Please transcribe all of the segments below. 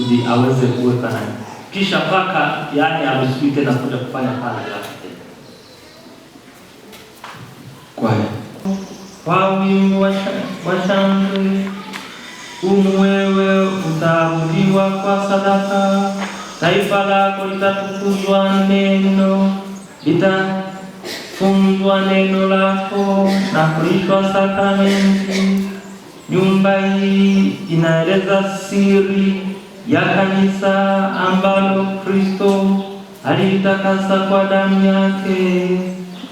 kusudi aweze kuweka nani, kisha paka yaani aruhusiwi tena kuja kufanya kazi yake kwaya wa washangwe umwewe utarudiwa kwa sadaka, taifa lako litatukuzwa neno litafunzwa neno lako na kulishwa sakramenti. Nyumba hii inaeleza siri ya kanisa ambalo Kristo alilitakasa kwa damu yake,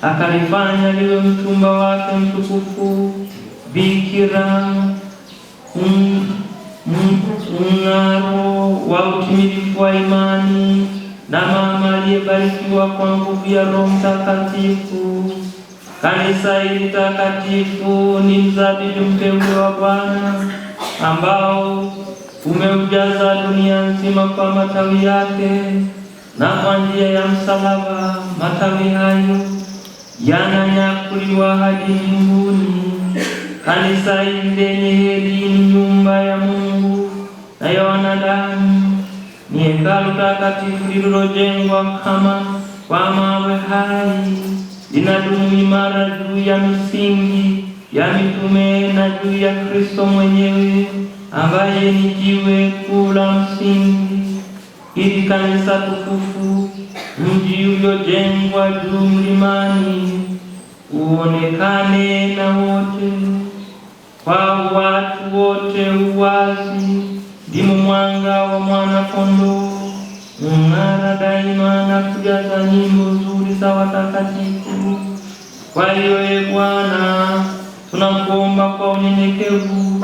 akalifanya liwe mchumba wake mtukufu Bikira, mm, mm, mng'aro wa utimilifu wa imani na mama aliyebarikiwa kwa nguvu ya Roho Mtakatifu. Kanisa hili takatifu ni mzabibu mteule wa Bwana ambao umemjaza dunia nzima kwa matawi yake, na kwa njia ya msalaba matawi hayo yananyakuliwa hadi mbinguni. Kanisa hili lenye heri ni nyumba ya Mungu na ya wanadamu, ni hekalu takatifu lililojengwa kama kwa mawe hai, linadumu imara juu ya misingi ya mitume na juu ya Kristo mwenyewe ambaye ni jiwe kuu la msingi ili kanisa tukufu, mji uliojengwa juu mlimani, uonekane na wote kwa watu wote uwazi. Ndimo mwanga wa mwana-kondoo ung'ara daima na kujaza nyimbo nzuri za watakatifu. Kwa hiyo, Ee Bwana, tunakuomba kwa unyenyekevu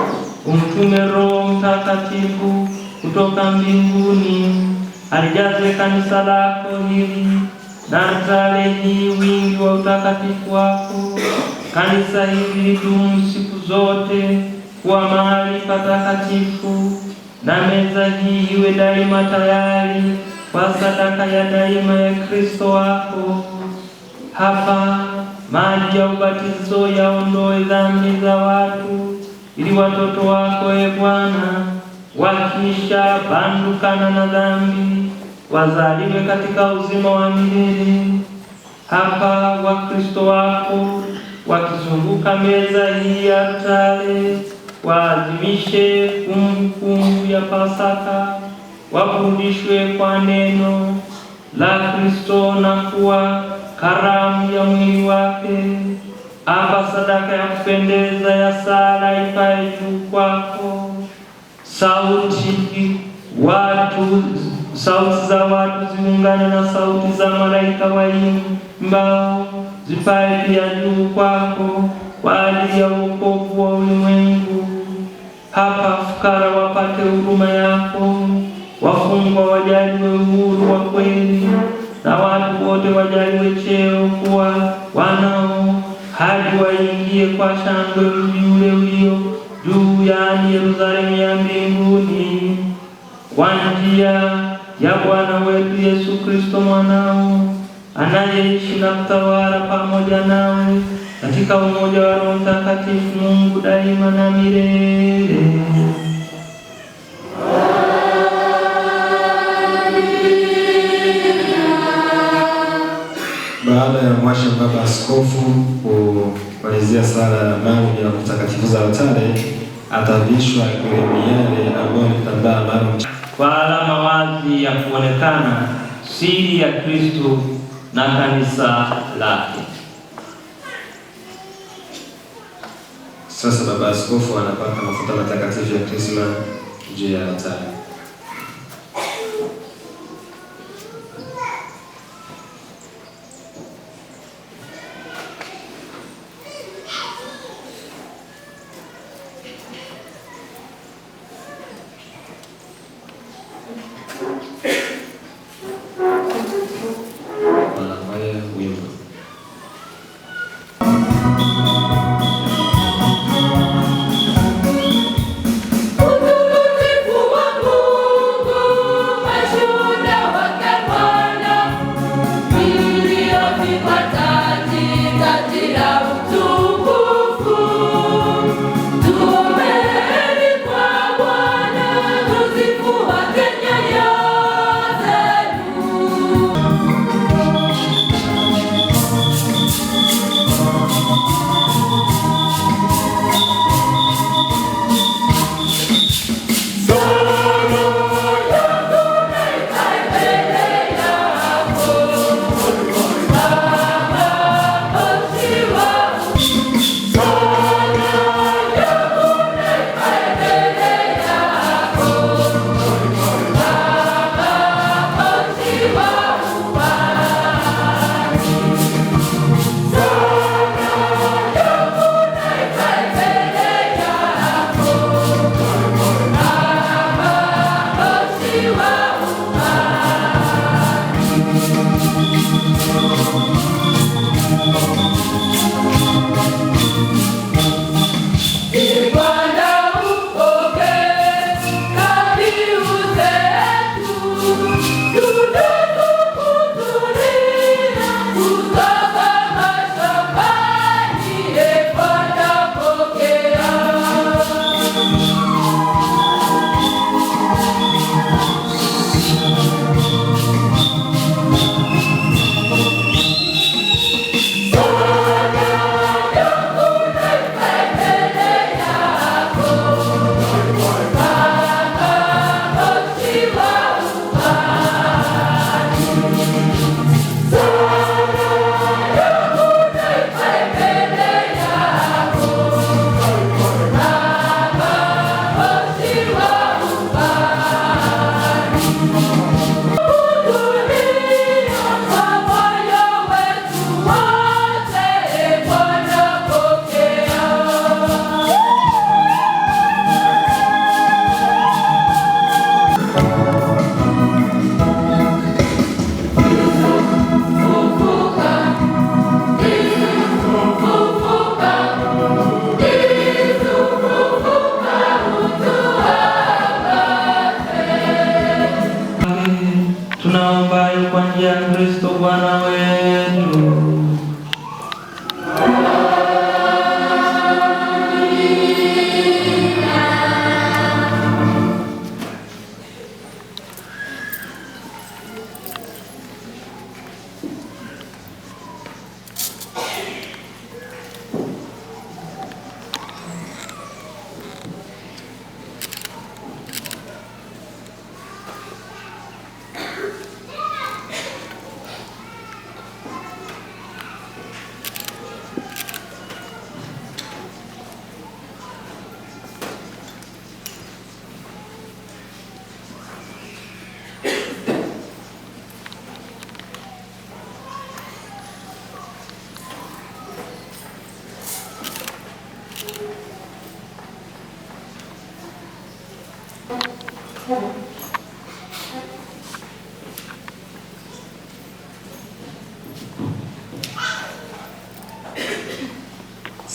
umtume Roho Mtakatifu kutoka mbinguni alijaze kanisa lako hili na hii wingi wa utakatifu wako. Kanisa hili lidumu siku zote kuwa mahali patakatifu, na meza hii iwe daima tayari kwa sadaka ya daima ya Kristo wako. Hapa maji ya ubatizo yaondoe dhambi za watu ili watoto wako e Bwana wakisha bandukana na dhambi wazaliwe katika uzima wa milele. Hapa Wakristo wako wakizunguka meza hii ya tale waadhimishe kumbukumbu ya Pasaka, wafundishwe kwa neno la Kristo na kuwa karamu ya mwili wake amba sadaka ya kupendeza ya sala ipaye juu kwako, sauti watu sauti za watu ziungane na sauti za malaika waimbao, zipaye pia juu kwako kwa ajili ya wokovu wa ulimwengu. Hapa fukara wapate huruma yako, wafungwa wajaliwe uhuru wa kweli, na watu wote wajaliwe cheo kuwa wanao hadi waingie kwa shangwe mji ule ulio juu, yaani Yerusalemu ya mbinguni, kwa njia ya Bwana wetu Yesu Kristo mwanao, anayeishi na kutawala pamoja nawe katika umoja wa Roho Mtakatifu, Mungu daima na milele. Baada ya mwasha baba askofu kumalizia sala ya maombi ya kutakatifu za watale atavishwa kiremiale ambayo ni kitambaa maalum kwa alama wazi ya kuonekana siri ya Kristo na kanisa lake. Sasa baba askofu anapaka mafuta matakatifu ya krisma juu ya watale.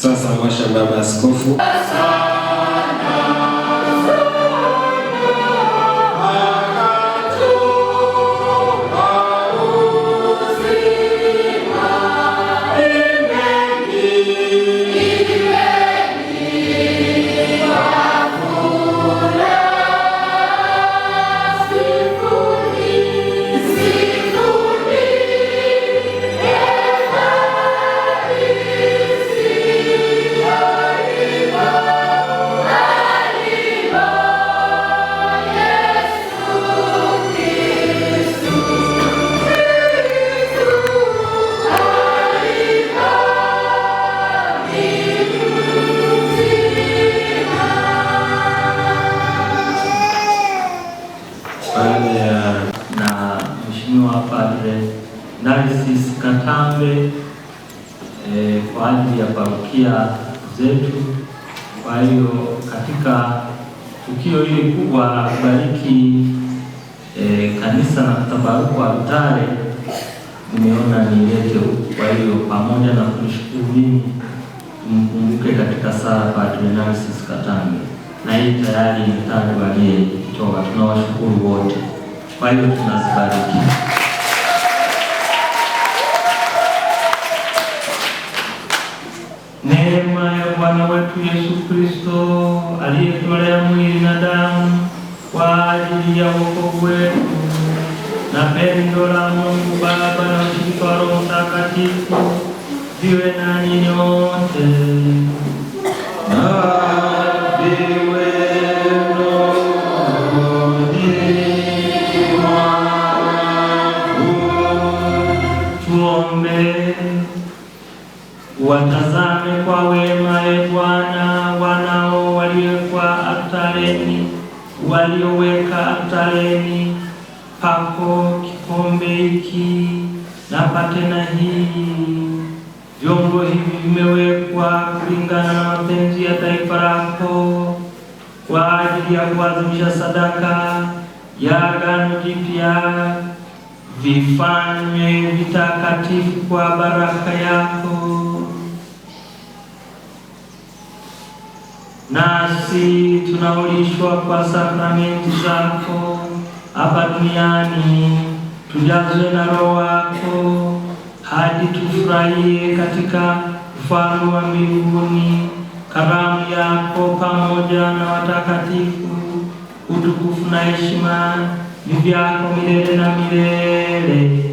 Sasa mwasha baba askofu. zetu. Kwa hiyo katika tukio hili kubwa la kubariki e, kanisa na kutabaruku altare nimeona nilete huku. Kwa hiyo pamoja na kunishukuru mimi, mkumbuke katika sala Padre Narcis Katambe, na hii tayari ni tatu aliyetoa. Tunawashukuru wote, kwa hiyo tunazibariki Bwana wetu Yesu Kristo aliyetolea mwili na damu kwa ajili ya wokovu wetu, na pendo la Mungu Baba na ushirika wa Roho Mtakatifu viwe na ninyote. aliyoweka altareni pako kikombe hiki na patena hii. Vyombo hivi vimewekwa kulingana na mapenzi ya taifa lako kwa ajili ya kuadhimisha sadaka ya agano jipya, vifanywe vitakatifu kwa baraka yako. nasi tunaulishwa kwa sakramenti zako hapa duniani, tujazwe na Roho wako hadi tufurahie katika ufalme wa mbinguni karamu yako pamoja na watakatifu. Utukufu na heshima ni vyako milele na milele.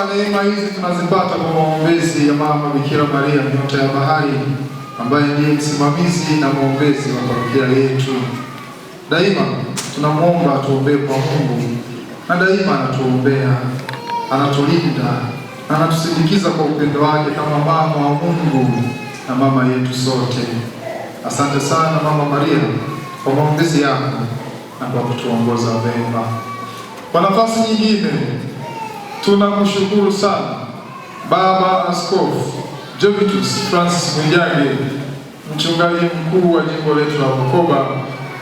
kwamba neema hizi tunazipata kwa maombezi ya mama Bikira Maria nyota ya bahari, ambaye ndiye msimamizi na mwombezi wa familia yetu. Daima tunamwomba atuombee kwa Mungu, na daima anatuombea, anatulinda na anatusindikiza kwa upendo wake kama mama wa Mungu na mama yetu sote. Asante sana Mama Maria kwa maombezi yako na kwa kutuongoza vema. Kwa nafasi nyingine Tunakushukuru sana Baba Askofu Jovitus Francis Mwijage, mchungaji mkuu wa jimbo letu la Bukoba,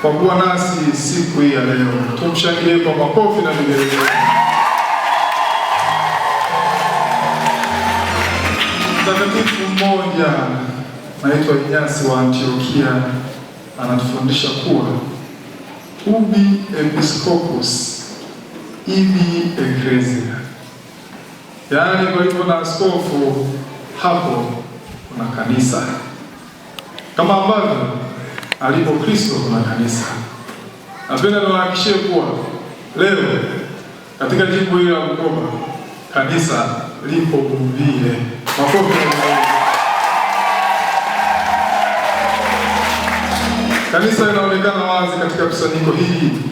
kwa kuwa nasi siku hii ya leo. Tumshangilie kwa makofi na vigelegele. Mtakatifu mmoja naitwa Inyasi wa Antiokia anatufundisha kuwa ubi episcopus ibi ecclesia Yaani kwa hivyo na askofu hapo kuna kanisa, kama ambavyo alipo Kristo kuna kanisa. Napenda niwahakikishie kuwa leo katika jimbo hili la Bukoba kanisa lipo Bumbire. Makofi. Kanisa linaonekana wazi katika kusanyiko hili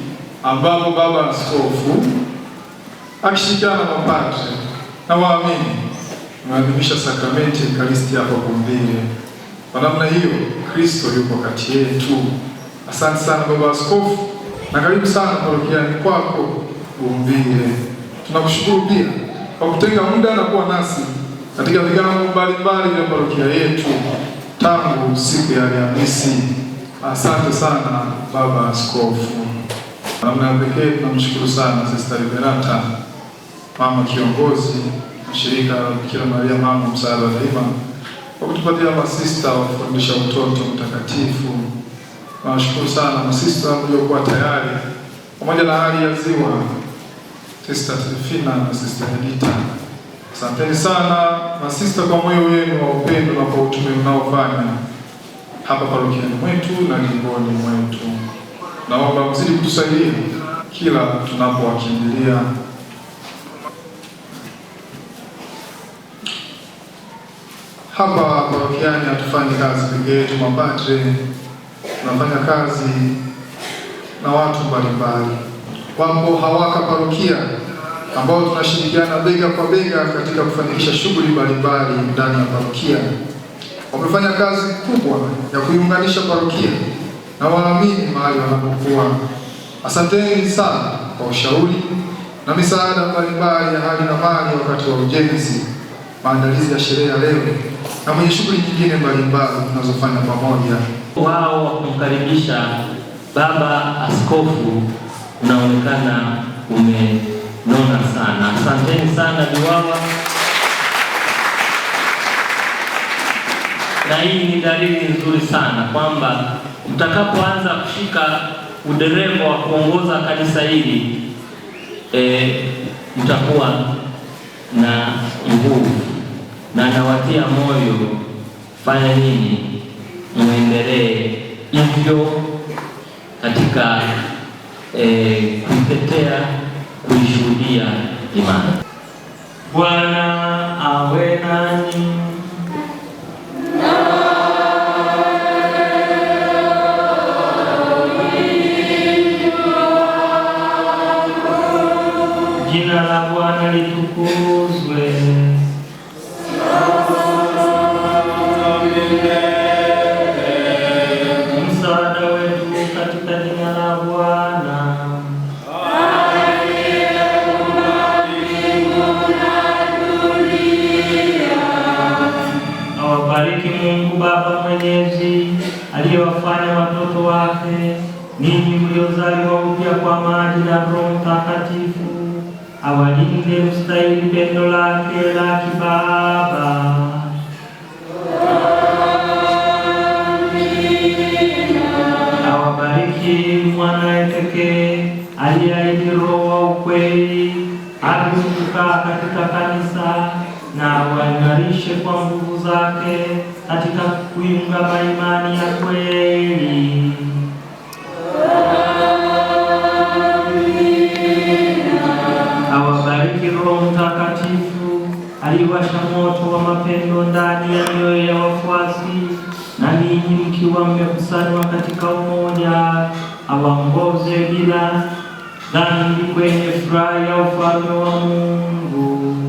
ambapo baba askofu akishirikiana na mapadri na waamini tunaadhimisha sakramenti ya Ekaristi hapa Bumbire. Kwa namna hiyo Kristo yuko kati yetu. Asante sana baba askofu, na karibu sana parokiani kwako Bumbire. Tunakushukuru pia kwa kutenga muda na kuwa nasi katika vigango mbalimbali vya parokia yetu tangu siku ya Alhamisi. Asante sana baba askofu. Namna pekee tunamshukuru sana Sister Liberata mama kiongozi mshirika Bikira Maria mama msaada daima kwa kutupatia masista wa kufundisha utoto mtakatifu. Nawashukuru sana masista mliokuwa tayari pamoja na hali ya ziwa, Sista Tifina na Sista Edita. Asanteni sana masista kwa moyo wenu wa upendo na kwa utume mnaofanya hapa parokiani mwetu na jimboni mwetu. Naomba mzidi kutusaidia kila tunapowakimbilia hapa parokiani hatufanyi kazi peke yetu, mapadre tunafanya kazi na watu mbalimbali. Wapo hawaka parokia ambao tunashirikiana bega kwa bega katika kufanikisha shughuli mbalimbali ndani ya parokia. Wamefanya kazi kubwa ya kuiunganisha parokia na waamini mahali wanapokuwa. Asanteni sana kwa ushauri na misaada mbalimbali ya hali na mali wakati wa ujenzi, maandalizi ya sherehe ya leo na mwenye shughuli nyingine mbalimbali tunazofanya pamoja. Wao wakumkaribisha baba askofu unaonekana umenona sana. Asanteni sana Duwawa, na hii ni dalili nzuri sana kwamba mtakapoanza kushika udereva wa kuongoza kanisa hili e, mtakuwa na nguvu na anawatia moyo, fanya nini, muendelee hivyo katika eh, kuitetea kuishuhudia imani. Bwana awe nani Jina la Bwana litukuzwe. kweli, akitukaa katika kanisa na awaimarishe kwa nguvu zake katika kuiungama imani ya kweli. Awabariki Roho Mtakatifu aliwasha moto wa mapendo ndani ya mioyo ya wafuasi, na ninyi mkiwa mmekusanywa katika umoja, awaongoze bila na ni kwenye furaha ya ufalme wa Mungu.